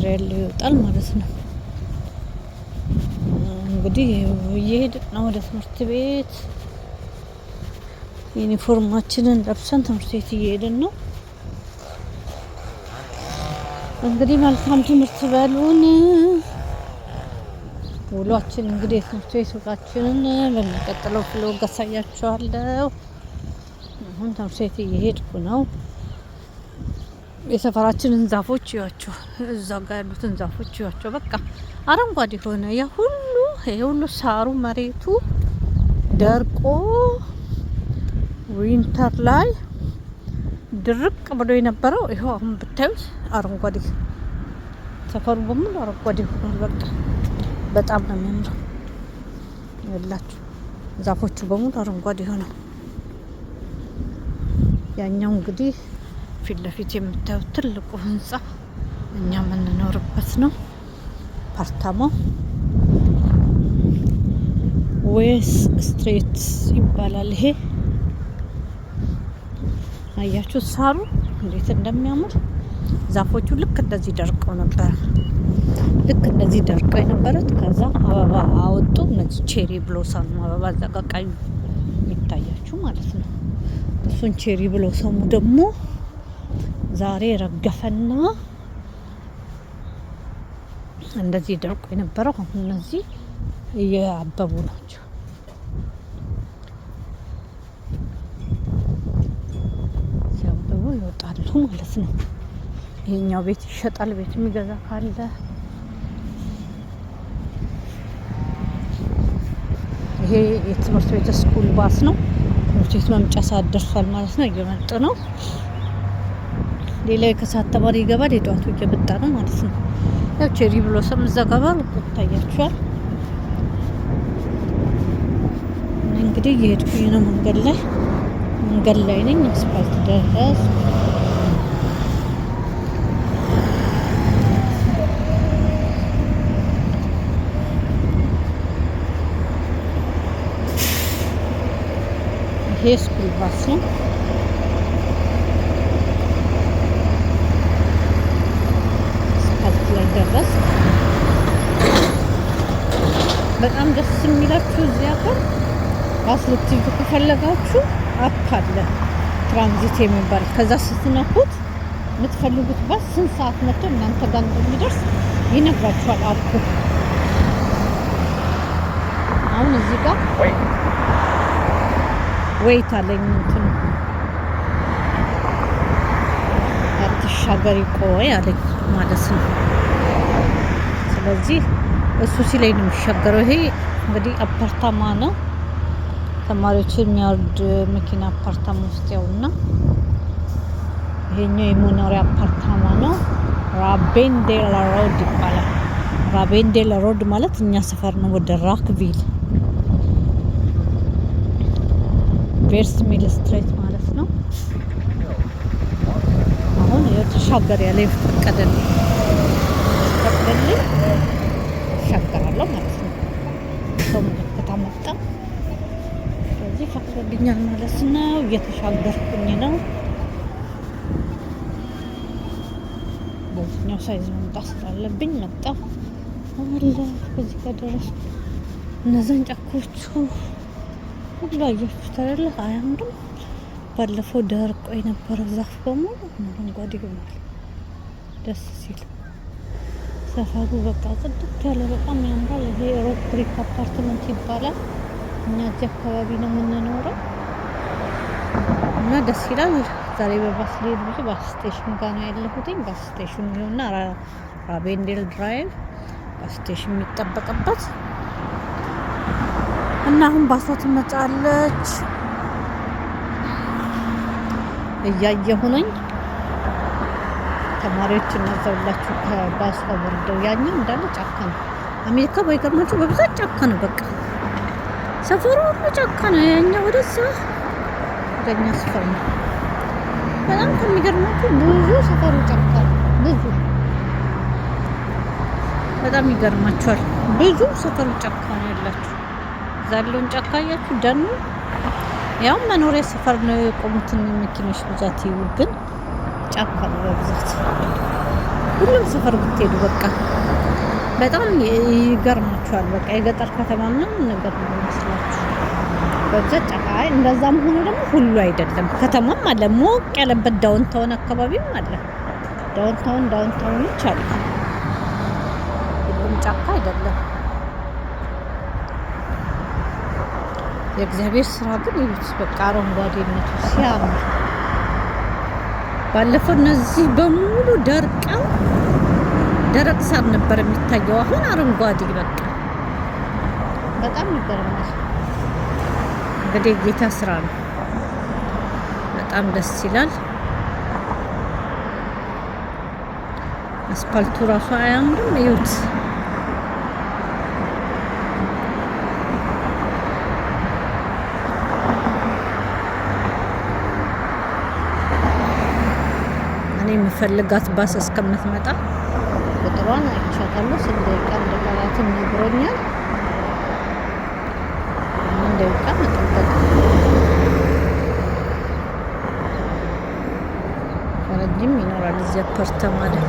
ስር ያለው ይወጣል ማለት ነው። እንግዲህ እየሄድን ነው ወደ ትምህርት ቤት። ዩኒፎርማችንን ለብሰን ትምህርት ቤት እየሄድን ነው። እንግዲህ መልካም ትምህርት በሉን። ውሏችን እንግዲህ የትምህርት ቤት ውቃችንን በሚቀጥለው ፍሎ አሳያችኋለሁ። አሁን ትምህርት ቤት እየሄድኩ ነው። የሰፈራችንን ዛፎች እዩዋቸው፣ እዛ ጋ ያሉትን ዛፎች እዩዋቸው። በቃ አረንጓዴ ሆነ። ያ ሁሉ የሁሉ ሳሩ መሬቱ ደርቆ ዊንተር ላይ ድርቅ ብሎ የነበረው ይኸው አሁን ብታዩት አረንጓዴ፣ ሰፈሩ በሙሉ አረንጓዴ ሆኗል። በቃ በጣም ነው የሚያምረው። ያላችሁ ዛፎቹ በሙሉ አረንጓዴ ሆነው ያኛው እንግዲህ ፊት ለፊት የምታዩት ትልቁ ህንፃ እኛ የምንኖርበት ነው። ፓርታማው ዌስ ስትሬት ይባላል። ይሄ አያችሁ ሳሩ እንዴት እንደሚያምር ዛፎቹ ልክ እንደዚህ ደርቀው ነበር። ልክ እንደዚህ ደርቀው የነበረት ከዛ አበባ አወጡ። እነዚህ ቼሪ ብሎሰም አበባ ዘቀቃዩ ይታያችሁ ማለት ነው። እሱን ቼሪ ብሎሰሙ ደግሞ ዛሬ ረገፈና እንደዚህ ደርቆ የነበረው እነዚህ እያበቡ ናቸው። ሲያበቡ ይወጣሉ ማለት ነው። ይሄኛው ቤት ይሸጣል። ቤት የሚገዛ ካለ ይሄ የትምህርት ቤት ስኩል ባስ ነው። ትምህርት ቤት መምጫ ሰዓት ደርሷል ማለት ነው። እየመጡ ነው። ሌላ የከሳት ተባሪ ይገባል። የጠዋቱ እየመጣ ነው ማለት ነው። ያው ቼሪ ብሎሰም እዛ ጋባ ታያችኋል። እንግዲህ እየሄድኩኝ ነው። መንገድ ላይ መንገድ ላይ ነኝ። አስፋልት ደረስ ይሄ ስኩል ባስ ነው። በጣም ደስ የሚላችሁ እዚህ ሀገር አስልትዩ ከፈለጋችሁ አፕ አለ ትራንዚት የሚባል ከዛ ስትነኩት የምትፈልጉት ባስ ስንት ሰዓት መጥቶ እናንተ ጋር እንደሚደርስ ይነግራችኋል አልኩ አሁን እዚህ ጋር ወይት አለኝ እንትን አትሻገሪ ቆይ አለኝ ማለት ነው ስለዚህ እሱ ሲላይ ነው የሚሻገረው። ይሄ እንግዲህ አፓርታማ ነው ተማሪዎች የሚያወርድ መኪና አፓርታማ ውስጥ ያው እና ይሄኛው የመኖሪያ አፓርታማ ነው። ራቤንዴላ ሮድ ይባላል። ራቤንዴላ ሮድ ማለት እኛ ሰፈር ነው ወደ ራክቪል ቬርስ ሚል ስትሬት ማለት ነው። አሁን የተሻገር ያለ ይፈቀደልኝ ይፈቀደልኝ እሻገራለሁ ማለት ነው። ሰው ምልክት አመጣ። ስለዚህ ፈቅዶልኛል ማለት ነው። እየተሻገርኩኝ ነው። በዚህኛው ሳይዝ መምጣት ስላለብኝ መጣ አለ። በዚህ ከደረስ ደረስኩ። እነዛን ጫካዎቹ ሁሉ አያችሁት አይደለ? አያምርም? ባለፈው ደርቆ የነበረው ዛፍ በሙሉ አረንጓዴ ሆኗል ደስ ሲል ሰፈሩ በቃ ጽድት ያለ በጣም ያምራል። ይሄ ሮክ ክሪክ አፓርትመንት ይባላል። እኛ እዚህ አካባቢ ነው የምንኖረው እና ደስ ይላል። ዛሬ በባስ ሊሄድ ብዙ ባስ ስቴሽን ጋር ነው ያለሁትኝ። ባስ ስቴሽን ይሁና ራቤንዴል ድራይቭ ባስ ስቴሽን የሚጠበቅበት እና አሁን ባሷ ትመጣለች እያየሁ ነኝ። ተማሪዎች እናዛውላችሁ ከባስ ወርደው ያኛው እንዳለ ጫካ ነው። አሜሪካ ባይገርማችሁ በብዛት ጫካ ነው። በቃ ሰፈሩ ሁሉ ጫካ ነው። ያኛው ወደዛ ወደኛ ሰፈር ነው። በጣም ከሚገርማችሁ ብዙ ሰፈሩ ጫካ ነው። ብዙ በጣም ይገርማችኋል። ብዙ ሰፈሩ ጫካ ነው ያላችሁ። ዛለውን ጫካ እያችሁ ደኑ ያው መኖሪያ ሰፈር ነው የቆሙትን መኪኖች ብዛት ይውብን ግን ጫካ ነው በብዛት ሁሉም ሰፈር ብትሄዱ በቃ በጣም ይገርማችኋል። በቃ የገጠር ከተማ ምናምን ነገር ነው ይመስላችሁ በብዛት ጫካ። እንደዛ መሆኑ ደግሞ ሁሉ አይደለም። ከተማም አለ ሞቅ ያለበት ዳውንታውን አካባቢም አለ። ዳውንታውን ዳውንታውኖች አለ። ሁሉም ጫካ አይደለም። የእግዚአብሔር ስራ ግን ይሉት በቃ አረንጓዴነቱ ሲያምር ባለፈው እነዚህ በሙሉ ደርቀው ደረቅ ሳር ነበር የሚታየው። አሁን አረንጓዴ በቃ በጣም ነበር። እንግዲህ ጌታ ስራ ነው። በጣም ደስ ይላል። አስፓልቱ ራሱ አያምርም? እዩት። የምትፈልጋት ባስ እስከምትመጣ ቁጥሯን አይቻታለሁ። ስንት ደቂቃ እንደቀራት ነግሮኛል። ምን ደቂቃ መጠበቅ ፈረንጅም ይኖራል እዚህ አፓርታማ ላይ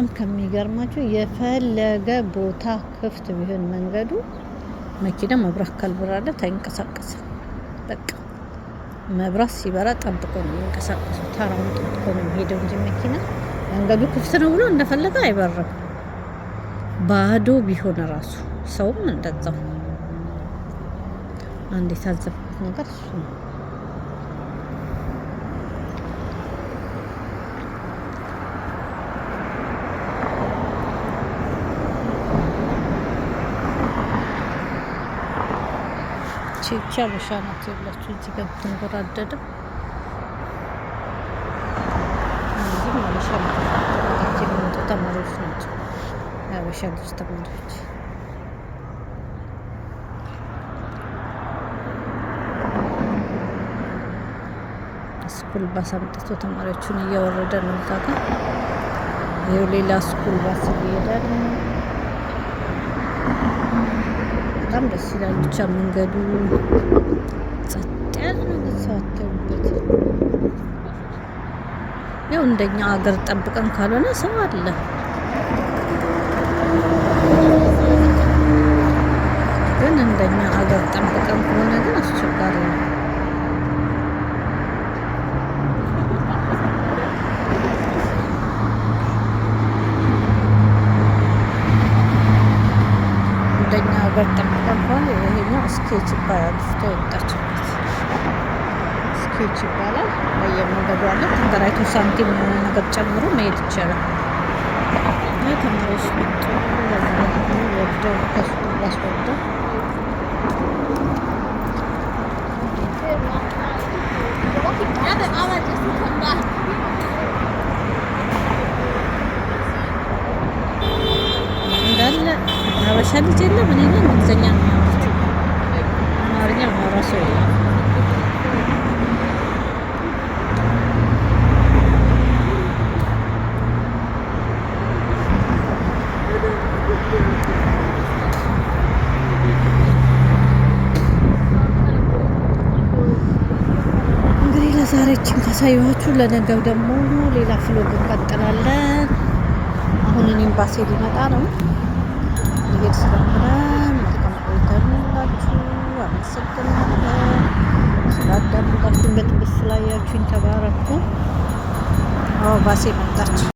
በጣም ከሚገርማችሁ የፈለገ ቦታ ክፍት ቢሆን መንገዱ መኪና መብራት ካልበራለ አይንቀሳቀስም። በቃ መብራት ሲበራ ጠብቆ ነው የሚንቀሳቀሱ፣ ተራውን ጠብቆ ነው የሚሄደው እንጂ መኪና መንገዱ ክፍት ነው ብሎ እንደፈለገ አይበርም። ባዶ ቢሆን ራሱ ሰውም እንደዛው አንድ የታዘብኩት ነገር እሱ ነው። ሴቶች ሀበሻ ናት ያላችሁ እዚህ ጋር ብትንጎራደድም ተማሪዎች ናቸው። የአበሻ ልጅ ተማሪዎች ስኩል ባስ አምጥቶ ተማሪዎቹን እያወረደ ነው። እዛ ጋር ይኸው ሌላ ስኩል ባስ እየሄዳል። በጣም ደስ ይላል። ብቻ መንገዱ ጸጥ ያለ ነገር ሰዋተውበት ያው እንደኛ ሀገር ጠብቀን ካልሆነ ሰው አለ። ከኛ ሀገር ጠብቀ ይሄኛው ስኬች ይባላል። ፍቶ የወጣችበት ስኬች ይባላል። በየመንገዱ አለ። ተከራይቶ ሳንቲም የሆነ ነገር ጨምሮ መሄድ ይቻላል። ተምሮች መጡ ወደው ከሱ ያስወርደው የሀበሻ ልጅ የለም። እኔ ነው እንግሊዝኛ ነው የሚያወሩት፣ አማርኛ ራሱ የለም። እንግዲህ ለዛሬችን ካሳየኋችሁ፣ ለነገው ደግሞ ሌላ ፍሎግ እንቀጥላለን። አሁን እኔም ባሴ ሊመጣ ነው። አየር ስለሆነ መልካም ቆይታ ይሁንላችሁ። አመሰግናለሁ ስላዳመጣችሁኝ። በጥብስ ስላያችሁኝ ተባረኩ። አዎ ባሴ መጣች።